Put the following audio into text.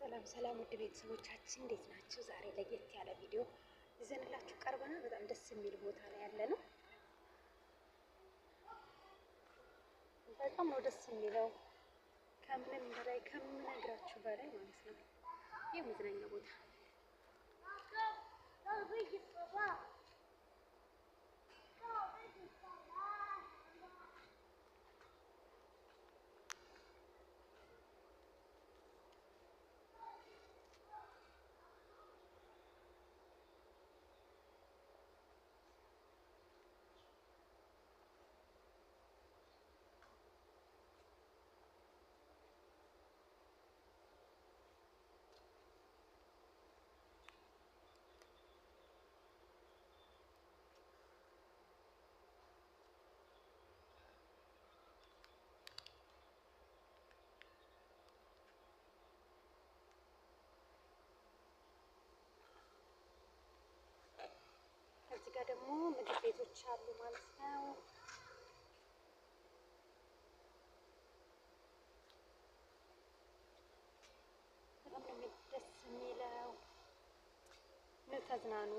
ሰላም ሰላም ውድ ቤተሰቦቻችን እንዴት ናቸው? ዛሬ ለየት ያለ ቪዲዮ ይዘንላችሁ ቀርበናል። በጣም ደስ የሚል ቦታ ላይ ያለ ነው። በጣም ነው ደስ የሚለው ከምንም በላይ ከምነግራችሁ በላይ ማለት ነው። ይህ መዝናኛ ቦታ ጋር ደግሞ ምግብ ቤቶች አሉ ማለት ነው። በጣም ደስ የሚለው ተዝናኑ